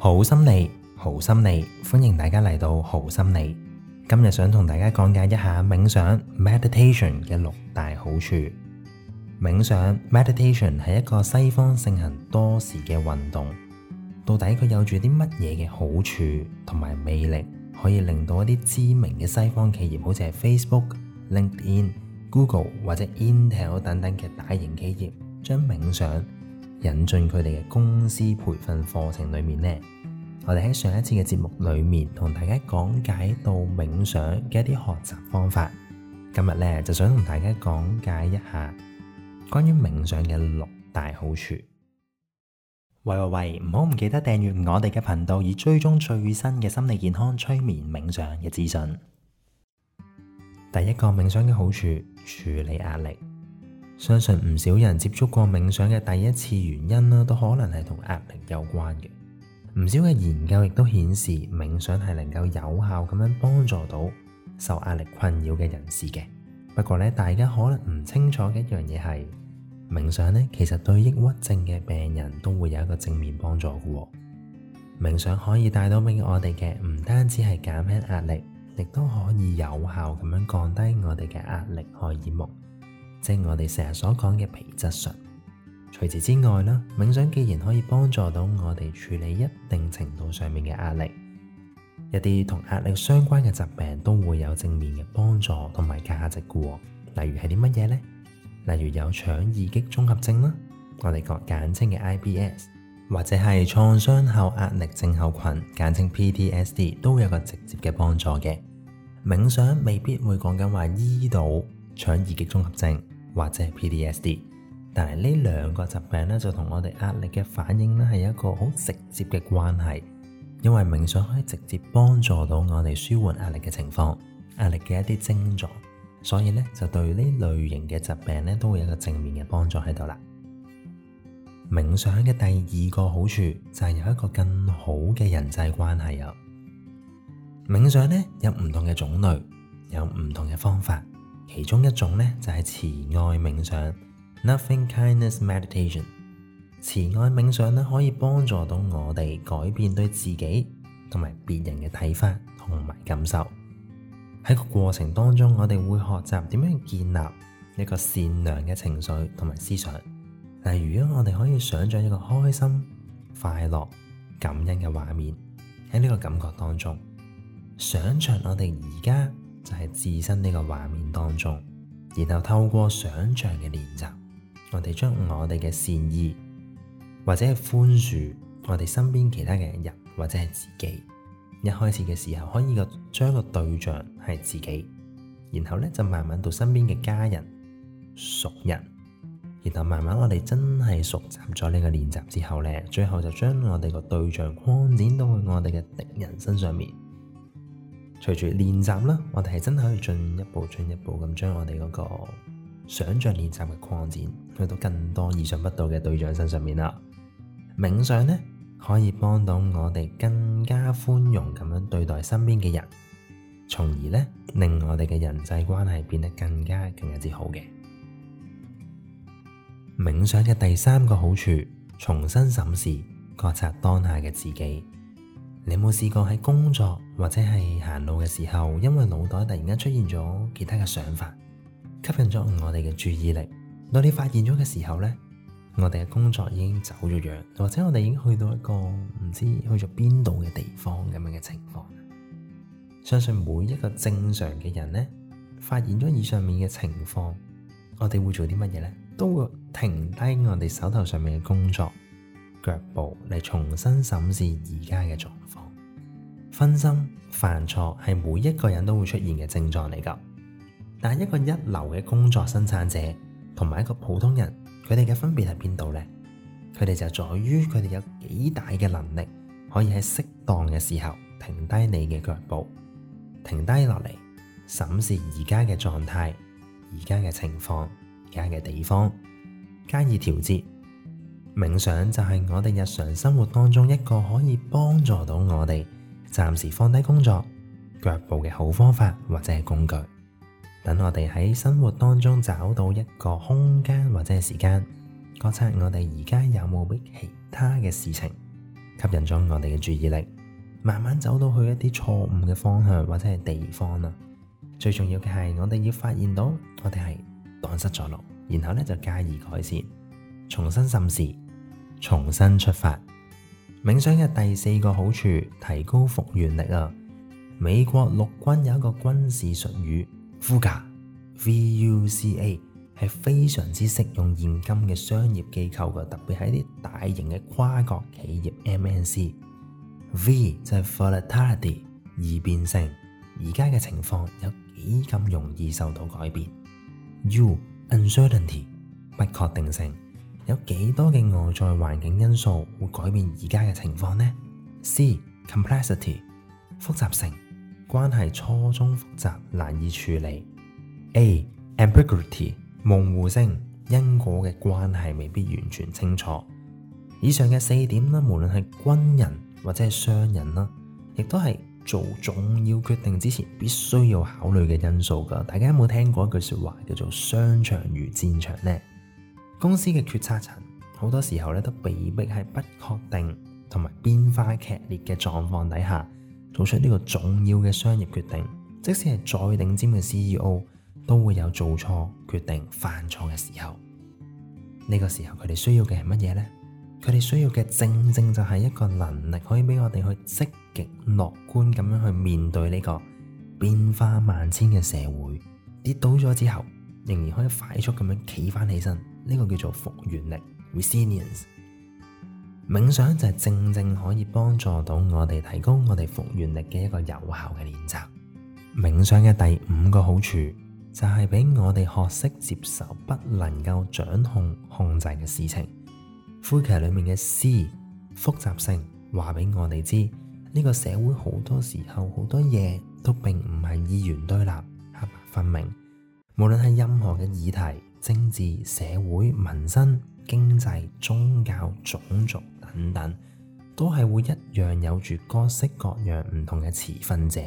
好心理，好心理，歡迎大家嚟到好心理。今日想同大家講解一下冥想 （meditation） 嘅六大好處。冥想 （meditation） 係一個西方盛行多時嘅運動，到底佢有住啲乜嘢嘅好處同埋魅力，可以令到一啲知名嘅西方企業，好似係 Facebook、LinkedIn、Google 或者 Intel 等等嘅大型企業，將冥想，引進佢哋嘅公司培訓課程裏面呢，我哋喺上一次嘅節目裏面同大家講解到冥想嘅一啲學習方法。今日呢，就想同大家講解一下關於冥想嘅六大好處。喂喂喂，唔好唔記得訂閱我哋嘅頻道，以追蹤最新嘅心理健康、催眠、冥想嘅資訊。第一個冥想嘅好處，處理壓力。相信唔少人接觸過冥想嘅第一次原因啦、啊，都可能係同壓力有關嘅。唔少嘅研究亦都顯示冥想係能夠有效咁樣幫助到受壓力困擾嘅人士嘅。不過咧，大家可能唔清楚嘅一樣嘢係冥想咧，其實對抑鬱症嘅病人都會有一個正面幫助嘅。冥想可以帶到俾我哋嘅唔單止係減輕壓力，亦都可以有效咁樣降低我哋嘅壓力荷爾蒙。即係我哋成日所講嘅皮質醇。除此之外啦，冥想既然可以幫助到我哋處理一定程度上面嘅壓力，一啲同壓力相關嘅疾病都會有正面嘅幫助同埋價值嘅。例如係啲乜嘢呢？例如有腸易激綜合症啦，我哋講簡稱嘅 IBS，或者係創傷後壓力症候群，簡稱 PTSD，都有個直接嘅幫助嘅。冥想未必會講緊話醫到腸易激綜合症。或者係 PDSD，但係呢兩個疾病呢，就同我哋壓力嘅反應呢，係一個好直接嘅關係，因為冥想可以直接幫助到我哋舒緩壓力嘅情況、壓力嘅一啲症狀，所以呢，就對呢類型嘅疾病呢，都會有一個正面嘅幫助喺度啦。冥想嘅第二個好處就係有一個更好嘅人際關係啊！冥想呢，有唔同嘅種類，有唔同嘅方法。其中一種呢，就係慈愛冥想 （Loving Kindness Meditation）。慈愛冥想呢，可以幫助到我哋改變對自己同埋別人嘅睇法同埋感受。喺個過程當中，我哋會學習點樣建立一個善良嘅情緒同埋思想。例如果我哋可以想像一個開心、快樂、感恩嘅畫面，喺呢個感覺當中，想像我哋而家，就係置身呢個畫面當中，然後透過想象嘅練習，我哋將我哋嘅善意或者係寬恕我哋身邊其他嘅人或者係自己。一開始嘅時候可以個將個對象係自己，然後呢，就慢慢到身邊嘅家人、熟人，然後慢慢我哋真係熟習咗呢個練習之後呢，最後就將我哋個對象擴展到去我哋嘅敵人身上面。隨住練習啦，我哋係真係可以進一步進一步咁將我哋嗰個想象練習嘅擴展去到更多意想不到嘅對象身上面啦。冥想呢，可以幫到我哋更加寬容咁樣對待身邊嘅人，從而呢，令我哋嘅人際關係變得更加更加之好嘅。冥想嘅第三個好處，重新審視覺察當下嘅自己。你有冇試過喺工作或者係行路嘅時候，因為腦袋突然間出現咗其他嘅想法，吸引咗我哋嘅注意力？當你發現咗嘅時候咧，我哋嘅工作已經走咗樣，或者我哋已經去到一個唔知去咗邊度嘅地方咁樣嘅情況。相信每一個正常嘅人咧，發現咗以上面嘅情況，我哋會做啲乜嘢咧？都會停低我哋手頭上面嘅工作，腳步嚟，重新審視而家嘅狀況，分心犯錯係每一個人都會出現嘅症狀嚟㗎。但一個一流嘅工作生產者同埋一個普通人，佢哋嘅分別喺邊度呢？佢哋就在於佢哋有幾大嘅能力，可以喺適當嘅時候停低你嘅腳步停，停低落嚟審視而家嘅狀態、而家嘅情況、而家嘅地方，加以調節。冥想就係我哋日常生活當中一個可以幫助到我哋暫時放低工作腳步嘅好方法或者係工具。等我哋喺生活當中找到一個空間或者係時間，覺察我哋而家有冇啲其他嘅事情吸引咗我哋嘅注意力，慢慢走到去一啲錯誤嘅方向或者係地方啦。最重要嘅係我哋要發現到我哋係蕩失咗路，然後呢就加以改善，重新審視。重新出發，冥想嘅第四個好處，提高復原力啊！美國陸軍有一個軍事術語 VUCA，係非常之適用現今嘅商業機構嘅，特別係啲大型嘅跨國企業 MNC。V 就係 volatility，易變性，而家嘅情況有幾咁容易受到改變？U uncertainty，不確定性。有幾多嘅外在環境因素會改變而家嘅情況呢？C complexity 複雜性，關係錯綜複雜，難以處理。A ambiguity 模糊性，因果嘅關係未必完全清楚。以上嘅四點啦，無論係軍人或者係商人啦，亦都係做重要決定之前必須要考慮嘅因素噶。大家有冇聽過一句說話叫做商場如戰場呢？公司嘅決策層好多時候咧都被迫喺不確定同埋變化劇烈嘅狀況底下做出呢個重要嘅商業決定。即使係再頂尖嘅 CEO 都會有做錯決定、犯錯嘅時候。呢個時候佢哋需要嘅係乜嘢呢？佢哋需要嘅正正就係一個能力，可以俾我哋去積極樂觀咁樣去面對呢個變化萬千嘅社會。跌倒咗之後，仍然可以快速咁樣企翻起身。呢個叫做復原力 （resilience）。冥想就係正正可以幫助到我哋提供我哋復原力嘅一個有效嘅練習。冥想嘅第五個好處就係俾我哋學識接受不能夠掌控控制嘅事情。《灰旗》裏面嘅詩，複雜性話俾我哋知，呢、這個社會好多時候好多嘢都並唔係二元對立、黑白分明。無論係任何嘅議題，政治、社會、民生、經濟、宗教、種族等等，都係會一樣有住各式各樣唔同嘅持份者，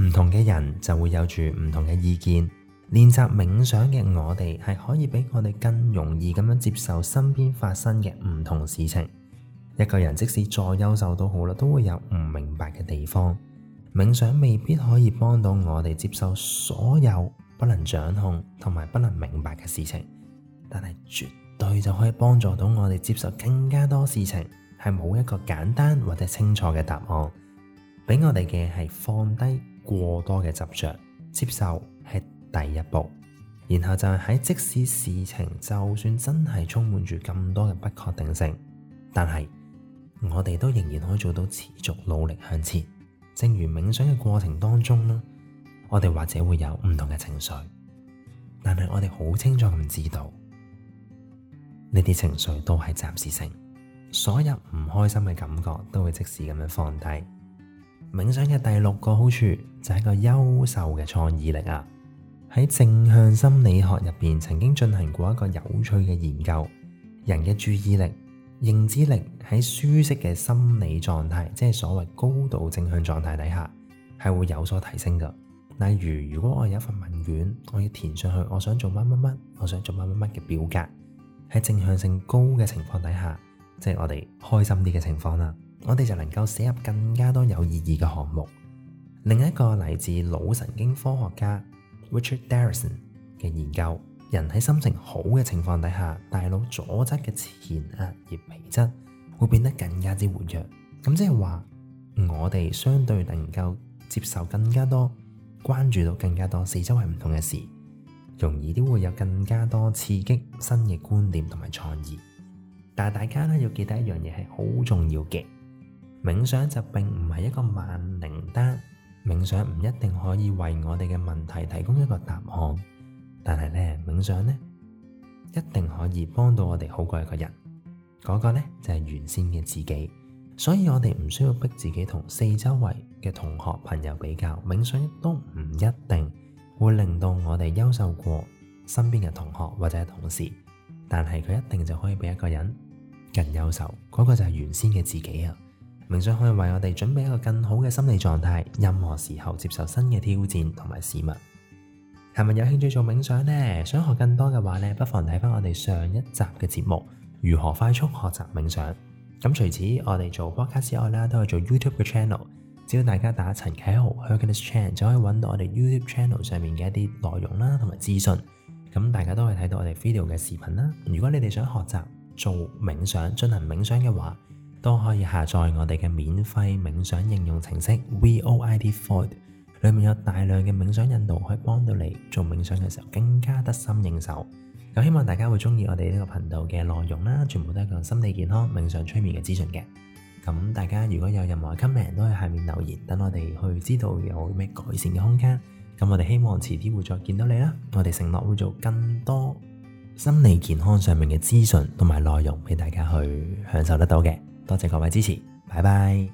唔同嘅人就會有住唔同嘅意見。練習冥想嘅我哋係可以俾我哋更容易咁樣接受身邊發生嘅唔同事情。一個人即使再優秀都好啦，都會有唔明白嘅地方。冥想未必可以幫到我哋接受所有，不能掌控同埋不能明白嘅事情，但係絕對就可以幫助到我哋接受更加多事情，係冇一個簡單或者清楚嘅答案，俾我哋嘅係放低過多嘅執着，接受係第一步，然後就係喺即使事情就算真係充滿住咁多嘅不確定性，但係我哋都仍然可以做到持續努力向前，正如冥想嘅過程當中呢。我哋或者會有唔同嘅情緒，但係我哋好清楚咁知道呢啲情緒都係暫時性，所有唔開心嘅感覺都會即時咁樣放低。冥想嘅第六個好處就係一個優秀嘅創意力啊！喺正向心理學入邊曾經進行過一個有趣嘅研究，人嘅注意力、認知力喺舒適嘅心理狀態，即係所謂高度正向狀態底下，係會有所提升噶。例如，如果我有一份問卷，我要填上去，我乜乜乜，我想做乜乜乜，我想做乜乜乜嘅表格，喺正向性高嘅情況底下，即係我哋開心啲嘅情況啦，我哋就能夠寫入更加多有意義嘅項目。另一個嚟自腦神經科學家 Richard Darrison 嘅研究，人喺心情好嘅情況底下，大腦左側嘅前額葉皮質會變得更加之活躍，咁即係話我哋相對能夠接受更加多。關注到更加多，四周圍唔同嘅事，容易都會有更加多刺激新嘅觀念同埋創意。但係大家呢要記得一樣嘢係好重要嘅，冥想就並唔係一個萬靈丹，冥想唔一定可以為我哋嘅問題提供一個答案，但係呢，冥想呢一定可以幫到我哋好過一個人，嗰個呢，就係原先嘅自己。所以我哋唔需要逼自己同四周圍嘅同學朋友比較，冥想都唔一定會令到我哋優秀過身邊嘅同學或者同事，但係佢一定就可以俾一個人更優秀，嗰個就係原先嘅自己啊！冥想可以為我哋準備一個更好嘅心理狀態，任何時候接受新嘅挑戰同埋事物。係咪有興趣做冥想呢？想學更多嘅話呢，不妨睇翻我哋上一集嘅節目《如何快速學習冥想》。咁除此，我哋做 Podcast 之外啦，都係做 YouTube 嘅 channel。只要大家打陳棨豪 Hercules Channel，就可以揾到我哋 YouTube channel 上面嘅一啲內容啦，同埋資訊。咁大家都可以睇到我哋 video 嘅視頻啦。如果你哋想學習做冥想，進行冥想嘅話，都可以下載我哋嘅免費冥想應用程式 Void Food，裏面有大量嘅冥想引導可以幫到你做冥想嘅時候更加得心應手。咁希望大家會中意我哋呢個頻道嘅內容啦，全部都係講心理健康、冥想、催眠嘅資訊嘅。咁大家如果有任何 comment，都可以下面留言，等我哋去知道有咩改善嘅空間。咁我哋希望遲啲會再見到你啦，我哋承諾會做更多心理健康上面嘅資訊同埋內容俾大家去享受得到嘅。多謝各位支持，拜拜。